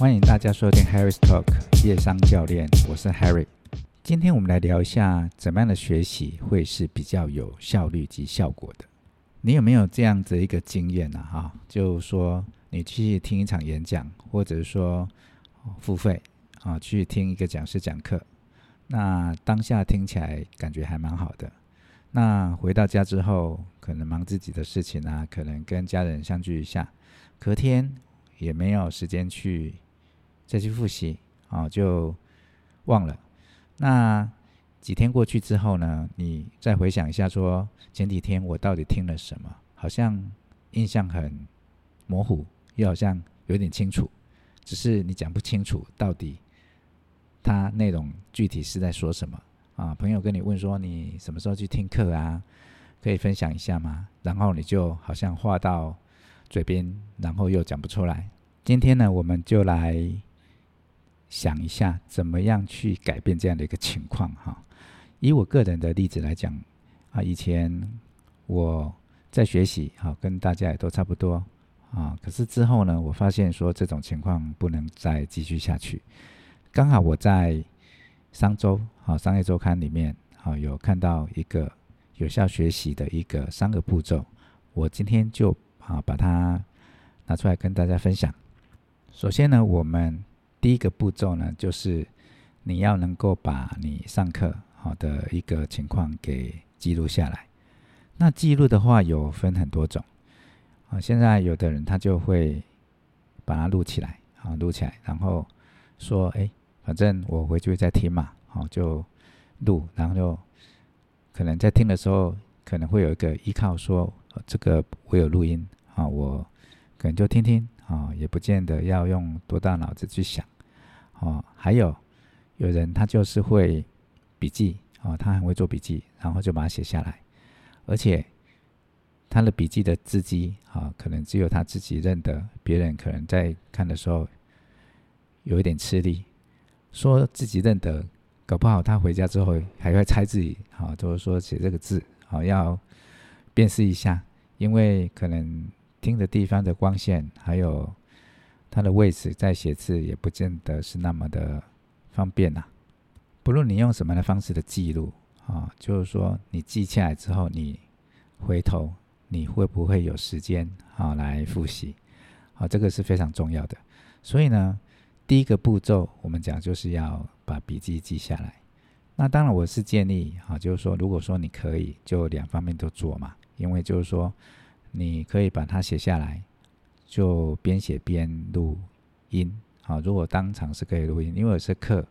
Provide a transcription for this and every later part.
歡迎大家收聽 Harry's Talk 夜商教練，我是 Harry。今天我們來聊一下，怎麼樣的學習會是比較有效率及效果的？你有沒有這樣子一個經驗呢、啊？哈、啊，就說你去聽一場演講，或者說付費啊去聽一個講師講課，那當下聽起來感覺還蠻好的。那回到家之後，可能忙自己的事情啊，可能跟家人相聚一下，隔天也沒有時間去。再去複習啊，就忘了。那幾天過去之後呢，你再回想一下，說前幾天我到底聽了什麼？好像印象很模糊，又好像有點清楚，只是你講不清楚到底他內容具體是在說什麼啊。朋友跟你問說，你什麼時候去聽課啊？可以分享一下嗎？然後你就好像話到嘴邊，然後又講不出來。今天呢，我們就來。想一下，怎麼樣去改變這樣的一個情況？哈，以我個人的例子來講，啊，以前我在學習，好，跟大家也都差不多，啊，可是之後呢，我發現說這種情況不能再繼續下去。剛好我在商周啊，商業周刊裡面啊，有看到一個有效學習的一個三個步驟，我今天就啊把它拿出來跟大家分享。首先呢，我們。第一個步驟呢，就是你要能夠把你上課好的一個情況給記錄下來。那記錄的話有分很多種啊，現在有的人他就會把它錄起來，啊錄起來，然後說，哎，反正我回去再聽嘛，好就錄，然後就可能在聽的時候可能會有一個依靠，說這個我有錄音啊，我可能就聽聽。啊，也不見得要用多大腦子去想，哦，還有有人他就是會筆記，哦，他很會做筆記，然後就把它寫下來，而且他的筆記的字跡，啊，可能只有他自己認得，別人可能在看的時候有一點吃力，說自己認得，搞不好他回家之後還會猜自己，啊，就是說寫這個字，啊，要辨識一下，因為可能。聽的地方的光線，還有它的位置，在寫字也不見得是那麼的方便吶、啊。不論你用什麼的方式的記錄啊，就是說你記下來之後，你回頭你會不會有時間啊來復習？啊？這個是非常重要的。所以呢，第一個步驟我們講就是要把筆記記下來。那當然我是建議啊，就是說如果說你可以，就兩方面都做嘛，因為就是說。你可以把它寫下來，就邊寫邊錄音。好，如果當場是可以錄音，因為有些課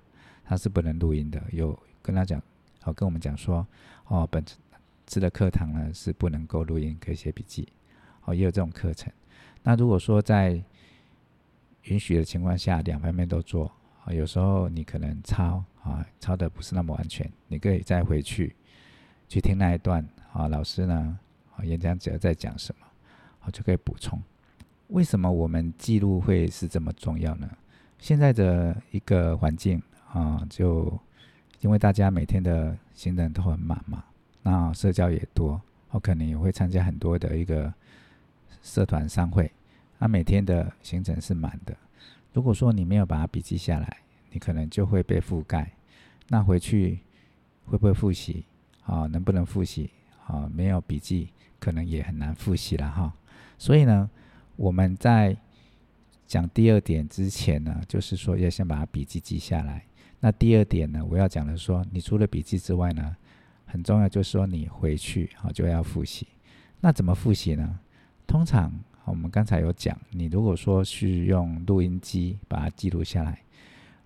它是不能錄音的。有跟他講，好，跟我們講說，哦，本次的課堂呢是不能夠錄音，可以寫筆記。哦，也有這種課程。那如果說在允許的情況下，兩方面都做。啊，有時候你可能抄啊，抄的不是那麼安全。你可以再回去去聽那一段啊，老師呢？演講者在講什麼，我就可以補充。為什麼我們記錄會是這麼重要呢？現在的一個環境啊、哦，就因為大家每天的行程都很滿嘛，那、哦、社交也多，我、哦、可能也會參加很多的一個社團、商會。那每天的行程是滿的，如果說你沒有把它筆記下來，你可能就會被覆蓋。那回去會不會複習啊、哦？能不能複習啊、哦？沒有筆記。可能也很難複習了哈，所以呢，我們在講第二點之前呢，就是說要先把筆記記下來。那第二點呢，我要講的是說，你除了筆記之外呢，很重要就是說你回去好就要複習。那怎麼複習呢？通常我們剛才有講，你如果說是用錄音機把它記錄下來，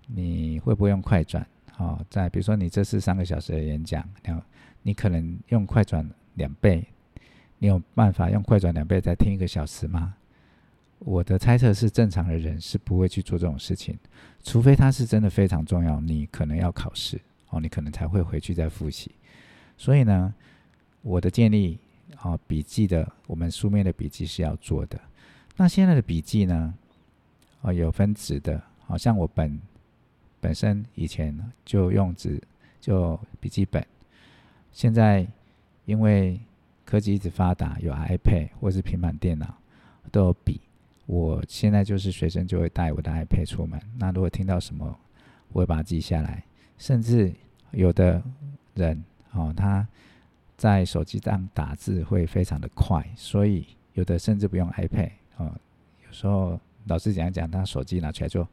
你會不會用快轉？好，在比如說你這是三個小時的演講，然後你可能用快轉兩倍。你有辦法用快轉兩倍再聽一個小時嗎？我的猜測是，正常的人是不會去做這種事情，除非他是真的非常重要，你可能要考試哦，你可能才會回去再復習。所以呢，我的建議啊，筆記的，我們書面的筆記是要做的。那現在的筆記呢，啊，有分紙的，好像我本本身以前就用紙，就筆記本，現在因為。科技一直發達，有 iPad 或是平板電腦都有筆。我現在就是學生，就會帶我的 iPad 出門。那如果聽到什麼，我會把它記下來。甚至有的人哦，他，在手機上打字會非常的快，所以有的甚至不用 iPad 哦。有時候老師講講，他手機拿出來就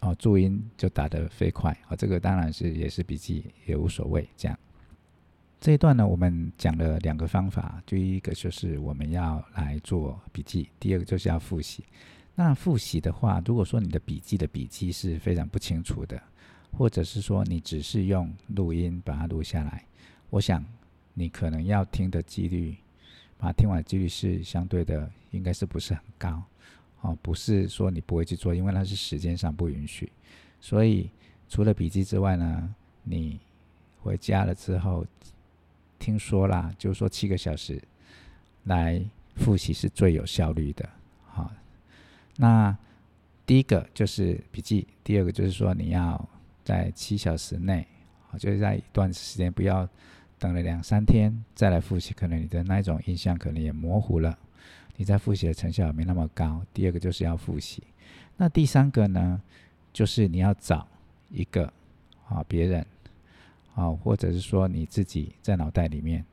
哦注音就打得飛快哦，這個當然是也是筆記也無所謂這樣。這一段呢，我們講了兩個方法，第一個就是我們要來做筆記，第二個就是要複習。那複習的話，如果說你的筆記的筆記是非常不清楚的，或者是說你只是用錄音把它錄下來，我想你可能要聽的幾率，啊，聽完幾率是相對的，應該是不是很高哦？不是說你不會去做，因為那是時間上不允許。所以除了筆記之外呢，你回家了之後。聽說啦，就是說七個小時來複習是最有效率的。好，那第一個就是筆記，第二個就是說你要在七小時內，就是在一段時間不要等了兩三天再來複習，可能你的那一種印象可能也模糊了，你在複習的成效也沒那麼高。第二個就是要複習，那第三個呢，就是你要找一個啊，別人。啊，或者是說你自己在腦袋裡面，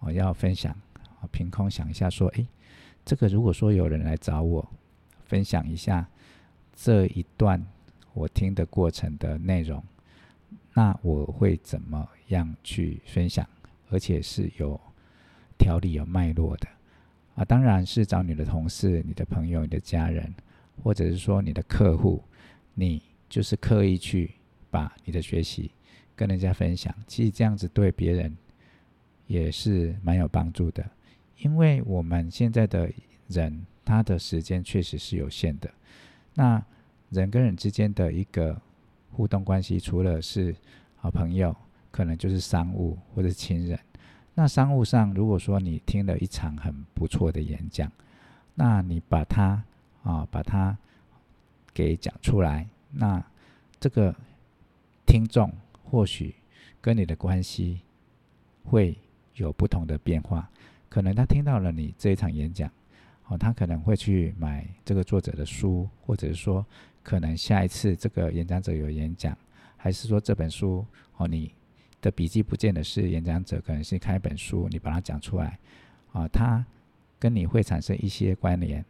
我要分享，憑空想一下，說，誒，這個如果說有人來找我分享一下這一段我聽的過程的內容，那我會怎麼樣去分享？而且是有條理、有脈絡的啊。當然是找你的同事、你的朋友、你的家人，或者是說你的客戶，你就是刻意去把你的學習。跟人家分享，其實這樣子對別人也是蠻有幫助的，因為我們現在的人他的時間確實是有限的。那人跟人之間的一個互動關係，除了是好朋友，可能就是商務或者是親人。那商務上，如果說你聽了一場很不錯的演講，那你把它啊、哦、把它給講出來，那這個聽眾。或許跟你的關係會有不同的變化，可能他聽到了你這一場演講，哦，他可能會去買這個作者的書，或者是說，可能下一次這個演講者有演講，還是說這本書哦，你的筆記不見得是演講者，可能是看一本書，你把它講出來，啊，他跟你會產生一些關聯。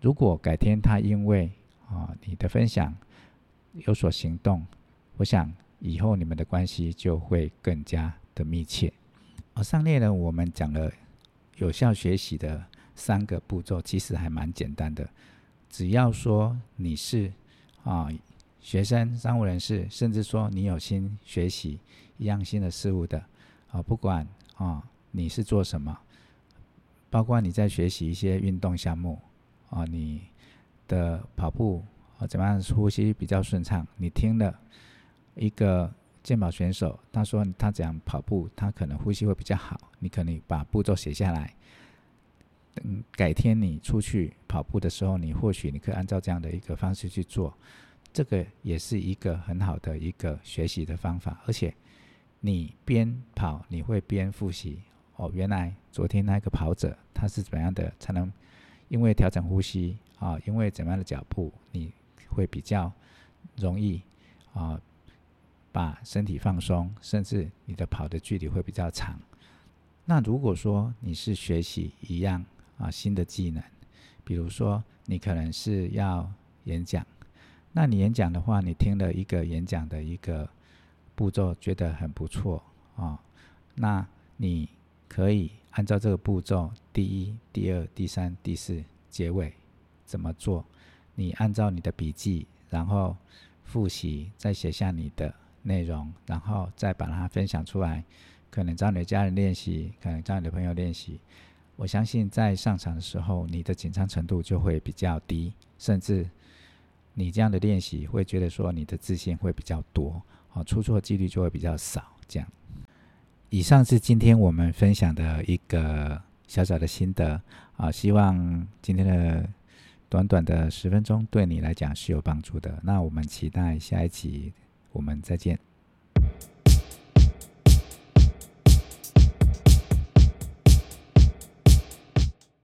如果改天他因為啊你的分享有所行動，我想。以後你們的關係就會更加的密切。而上面呢，我們講了有效學習的三個步驟，其實還蠻簡單的。只要說你是啊學生、商務人士，甚至說你有心學習一樣新的事物的啊，不管啊你是做什麼，包括你在學習一些運動項目啊，你的跑步啊怎麼樣呼吸比較順暢，你聽了。一個健跑選手，他說他這樣跑步，他可能呼吸會比較好。你可能把步驟寫下來，等改天你出去跑步的時候，你或許你可以按照這樣的一個方式去做。這個也是一個很好的一個學習的方法，而且你邊跑你會邊複習哦。原來昨天那個跑者他是怎麼樣的才能？因為調整呼吸啊，因為怎麼樣的腳步，你會比較容易啊。把身體放鬆，甚至你的跑的距離會比較長。那如果說你是學習一樣啊新的技能，比如說你可能是要演講，那你演講的話，你聽了一個演講的一個步驟，覺得很不錯啊、哦，那你可以按照這個步驟，第一、第二、第三、第四，結尾怎麼做？你按照你的筆記，然後複習，再寫下你的。內容，然後再把它分享出來，可能找你的家人練習，可能找你的朋友練習。我相信在上場的時候，你的緊張程度就會比較低，甚至你這樣的練習會覺得說你的自信會比較多，啊，出錯幾率就會比較少。這樣，以上是今天我們分享的一個小小的心得啊，希望今天的短短的十分鐘對你來講是有幫助的。那我們期待下一集。我們再見。